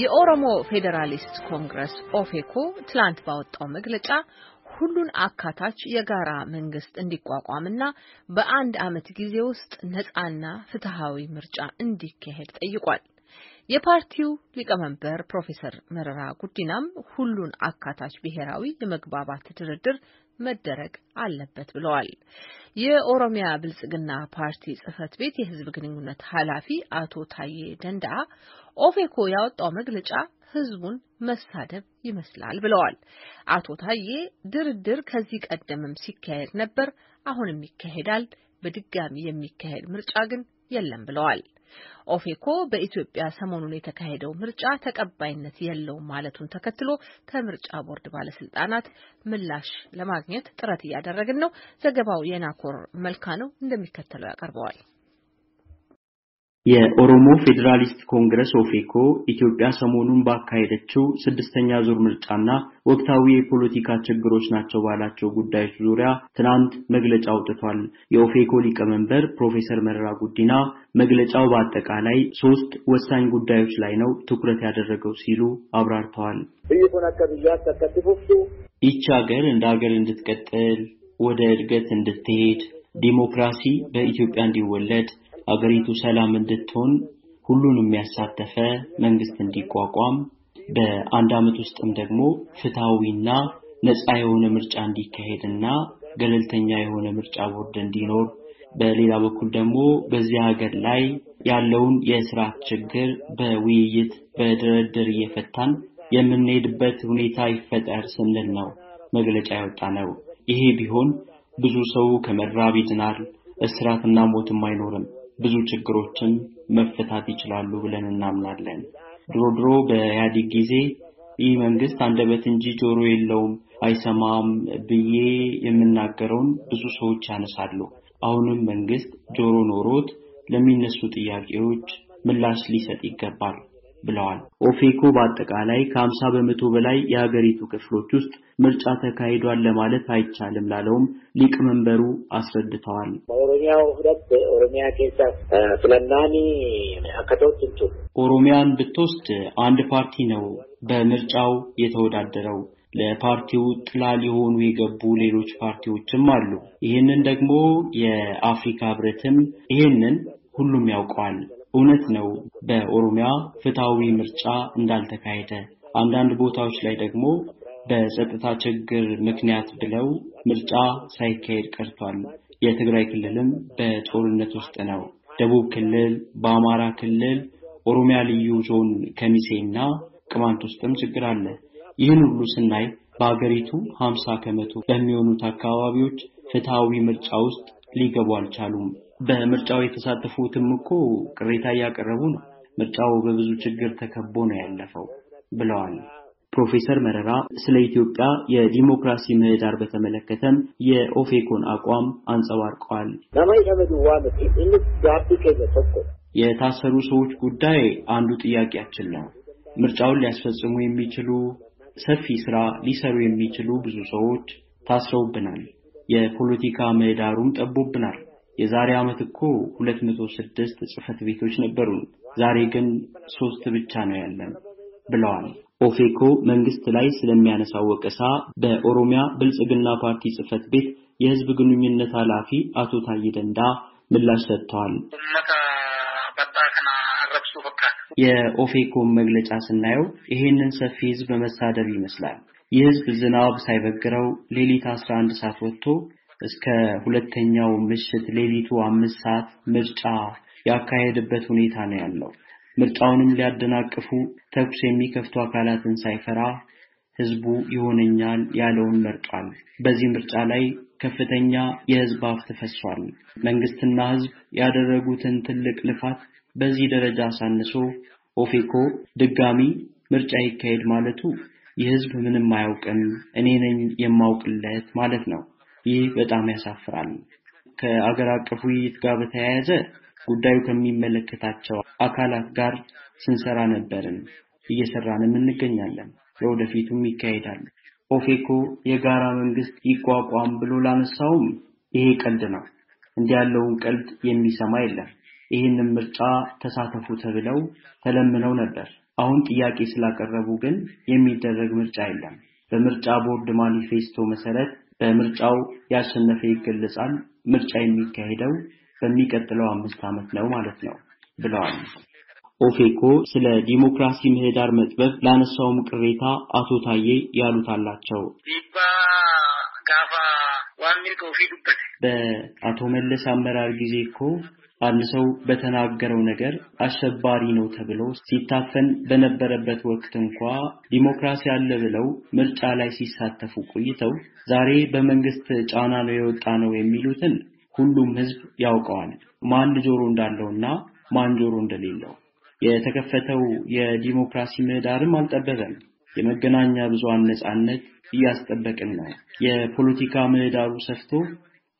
የኦሮሞ ፌዴራሊስት ኮንግረስ ኦፌኮ ትላንት ባወጣው መግለጫ ሁሉን አካታች የጋራ መንግስት እንዲቋቋምና በአንድ ዓመት ጊዜ ውስጥ ነጻና ፍትሃዊ ምርጫ እንዲካሄድ ጠይቋል። የፓርቲው ሊቀመንበር ፕሮፌሰር መረራ ጉዲናም ሁሉን አካታች ብሔራዊ የመግባባት ድርድር መደረግ አለበት ብለዋል። የኦሮሚያ ብልጽግና ፓርቲ ጽህፈት ቤት የህዝብ ግንኙነት ኃላፊ አቶ ታዬ ደንዳአ ኦፌኮ ያወጣው መግለጫ ህዝቡን መሳደብ ይመስላል ብለዋል። አቶ ታዬ ድርድር ከዚህ ቀደምም ሲካሄድ ነበር፣ አሁንም ይካሄዳል። በድጋሚ የሚካሄድ ምርጫ ግን የለም ብለዋል። ኦፌኮ በኢትዮጵያ ሰሞኑን የተካሄደው ምርጫ ተቀባይነት የለውም ማለቱን ተከትሎ ከምርጫ ቦርድ ባለስልጣናት ምላሽ ለማግኘት ጥረት እያደረግን ነው። ዘገባው የናኮር መልካ ነው፣ እንደሚከተለው ያቀርበዋል። የኦሮሞ ፌዴራሊስት ኮንግረስ ኦፌኮ ኢትዮጵያ ሰሞኑን ባካሄደችው ስድስተኛ ዙር ምርጫና ወቅታዊ የፖለቲካ ችግሮች ናቸው ባላቸው ጉዳዮች ዙሪያ ትናንት መግለጫ አውጥቷል። የኦፌኮ ሊቀመንበር ፕሮፌሰር መረራ ጉዲና መግለጫው በአጠቃላይ ሶስት ወሳኝ ጉዳዮች ላይ ነው ትኩረት ያደረገው ሲሉ አብራርተዋል። ይቺ ሀገር እንደ ሀገር እንድትቀጥል፣ ወደ እድገት እንድትሄድ፣ ዲሞክራሲ በኢትዮጵያ እንዲወለድ አገሪቱ ሰላም እንድትሆን ሁሉንም ያሳተፈ መንግስት እንዲቋቋም በአንድ ዓመት ውስጥም ደግሞ ፍትሐዊና ነፃ የሆነ ምርጫ እንዲካሄድና ገለልተኛ የሆነ ምርጫ ቦርድ እንዲኖር በሌላ በኩል ደግሞ በዚህ ሀገር ላይ ያለውን የስርዓት ችግር በውይይት በድርድር እየፈታን የምንሄድበት ሁኔታ ይፈጠር ስንል ነው መግለጫ ያወጣ ነው። ይሄ ቢሆን ብዙ ሰው ከመራብ ይድናል፣ እስራትና ሞትም አይኖርም። ብዙ ችግሮችን መፈታት ይችላሉ ብለን እናምናለን። ድሮ ድሮ በኢህአዴግ ጊዜ ይህ መንግስት አንደበት እንጂ ጆሮ የለውም አይሰማም ብዬ የምናገረውን ብዙ ሰዎች ያነሳሉ። አሁንም መንግስት ጆሮ ኖሮት ለሚነሱ ጥያቄዎች ምላሽ ሊሰጥ ይገባል። ብለዋል። ኦፌኮ በአጠቃላይ ከሀምሳ በመቶ በላይ የሀገሪቱ ክፍሎች ውስጥ ምርጫ ተካሂዷል ለማለት አይቻልም ላለውም ሊቀመንበሩ አስረድተዋል። ኦሮሚያን ብትወስድ አንድ ፓርቲ ነው በምርጫው የተወዳደረው። ለፓርቲው ጥላ ሊሆኑ የገቡ ሌሎች ፓርቲዎችም አሉ። ይህንን ደግሞ የአፍሪካ ህብረትም ይህንን ሁሉም ያውቀዋል። እውነት ነው በኦሮሚያ ፍትሐዊ ምርጫ እንዳልተካሄደ፣ አንዳንድ ቦታዎች ላይ ደግሞ በጸጥታ ችግር ምክንያት ብለው ምርጫ ሳይካሄድ ቀርቷል። የትግራይ ክልልም በጦርነት ውስጥ ነው። ደቡብ ክልል፣ በአማራ ክልል፣ ኦሮሚያ ልዩ ዞን ከሚሴና ቅማንት ውስጥም ችግር አለ። ይህን ሁሉ ስናይ በሀገሪቱ ሀምሳ ከመቶ በሚሆኑት አካባቢዎች ፍትሐዊ ምርጫ ውስጥ ሊገቡ አልቻሉም። በምርጫው የተሳተፉትም እኮ ቅሬታ እያቀረቡ ነው። ምርጫው በብዙ ችግር ተከቦ ነው ያለፈው ብለዋል ፕሮፌሰር መረራ። ስለ ኢትዮጵያ የዲሞክራሲ ምህዳር በተመለከተም የኦፌኮን አቋም አንጸባርቀዋል። የታሰሩ ሰዎች ጉዳይ አንዱ ጥያቄያችን ነው። ምርጫውን ሊያስፈጽሙ የሚችሉ ሰፊ ስራ ሊሰሩ የሚችሉ ብዙ ሰዎች ታስረውብናል። የፖለቲካ ምህዳሩም ጠቦብናል። የዛሬ ዓመት እኮ ሁለት መቶ ስድስት ጽህፈት ቤቶች ነበሩን፣ ዛሬ ግን ሶስት ብቻ ነው ያለን ብለዋል። ኦፌኮ መንግስት ላይ ስለሚያነሳው ወቀሳ በኦሮሚያ ብልጽግና ፓርቲ ጽህፈት ቤት የህዝብ ግንኙነት ኃላፊ አቶ ታዬ ደንዳ ምላሽ ሰጥተዋል። የኦፌኮን መግለጫ ስናየው ይሄንን ሰፊ ህዝብ መሳደብ ይመስላል። የህዝብ ዝናብ ሳይበግረው ሌሊት 11 ሰዓት ወጥቶ እስከ ሁለተኛው ምሽት ሌሊቱ አምስት ሰዓት ምርጫ ያካሄደበት ሁኔታ ነው ያለው። ምርጫውንም ሊያደናቅፉ ተኩስ የሚከፍቱ አካላትን ሳይፈራ ህዝቡ ይሆነኛል ያለውን መርጧል። በዚህ ምርጫ ላይ ከፍተኛ የህዝብ ሀብት ፈሷል። መንግስትና ህዝብ ያደረጉትን ትልቅ ልፋት በዚህ ደረጃ አሳንሶ ኦፌኮ ድጋሚ ምርጫ ይካሄድ ማለቱ የህዝብ ምንም አያውቅም እኔ ነኝ የማውቅለት ማለት ነው። ይህ በጣም ያሳፍራል። ከአገር አቀፍ ውይይት ጋር በተያያዘ ጉዳዩ ከሚመለከታቸው አካላት ጋር ስንሰራ ነበርን፣ እየሰራንም እንገኛለን። ለወደፊቱም ይካሄዳል። ኦፌኮ የጋራ መንግስት ይቋቋም ብሎ ላነሳውም ይሄ ቀልድ ነው። እንዲህ ያለውን ቀልድ የሚሰማ የለም። ይህንን ምርጫ ተሳተፉ ተብለው ተለምነው ነበር። አሁን ጥያቄ ስላቀረቡ ግን የሚደረግ ምርጫ የለም። በምርጫ ቦርድ ማኒፌስቶ መሰረት በምርጫው ያሸነፈ ይገለጻል። ምርጫ የሚካሄደው በሚቀጥለው አምስት ዓመት ነው ማለት ነው ብለዋል። ኦፌኮ ስለ ዲሞክራሲ ምህዳር መጥበብ ላነሳውም ቅሬታ አቶ ታዬ ያሉት አላቸው። በአቶ መለስ አመራር ጊዜ እኮ አንድ ሰው በተናገረው ነገር አሸባሪ ነው ተብሎ ሲታፈን በነበረበት ወቅት እንኳ ዲሞክራሲ አለ ብለው ምርጫ ላይ ሲሳተፉ ቆይተው ዛሬ በመንግስት ጫና ነው የወጣ ነው የሚሉትን ሁሉም ህዝብ ያውቀዋል፣ ማን ጆሮ እንዳለውና ማን ጆሮ እንደሌለው። የተከፈተው የዲሞክራሲ ምህዳርም አልጠበበም። የመገናኛ ብዙሃን ነጻነት እያስጠበቅን ነው። የፖለቲካ ምህዳሩ ሰፍቶ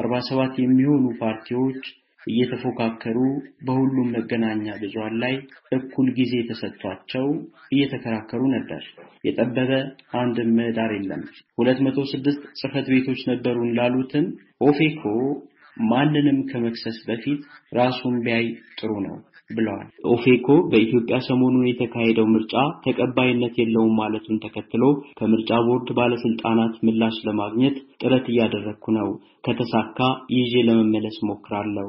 አርባ ሰባት የሚሆኑ ፓርቲዎች እየተፎካከሩ በሁሉም መገናኛ ብዙሃን ላይ እኩል ጊዜ ተሰጥቷቸው እየተከራከሩ ነበር። የጠበበ አንድ ምህዳር የለም። ሁለት መቶ ስድስት ጽህፈት ቤቶች ነበሩ እንዳሉትም ኦፌኮ ማንንም ከመክሰስ በፊት ራሱን ቢያይ ጥሩ ነው ብለዋል። ኦፌኮ በኢትዮጵያ ሰሞኑን የተካሄደው ምርጫ ተቀባይነት የለውም ማለቱን ተከትሎ ከምርጫ ቦርድ ባለስልጣናት ምላሽ ለማግኘት ጥረት እያደረግኩ ነው። ከተሳካ ይዤ ለመመለስ ሞክራለሁ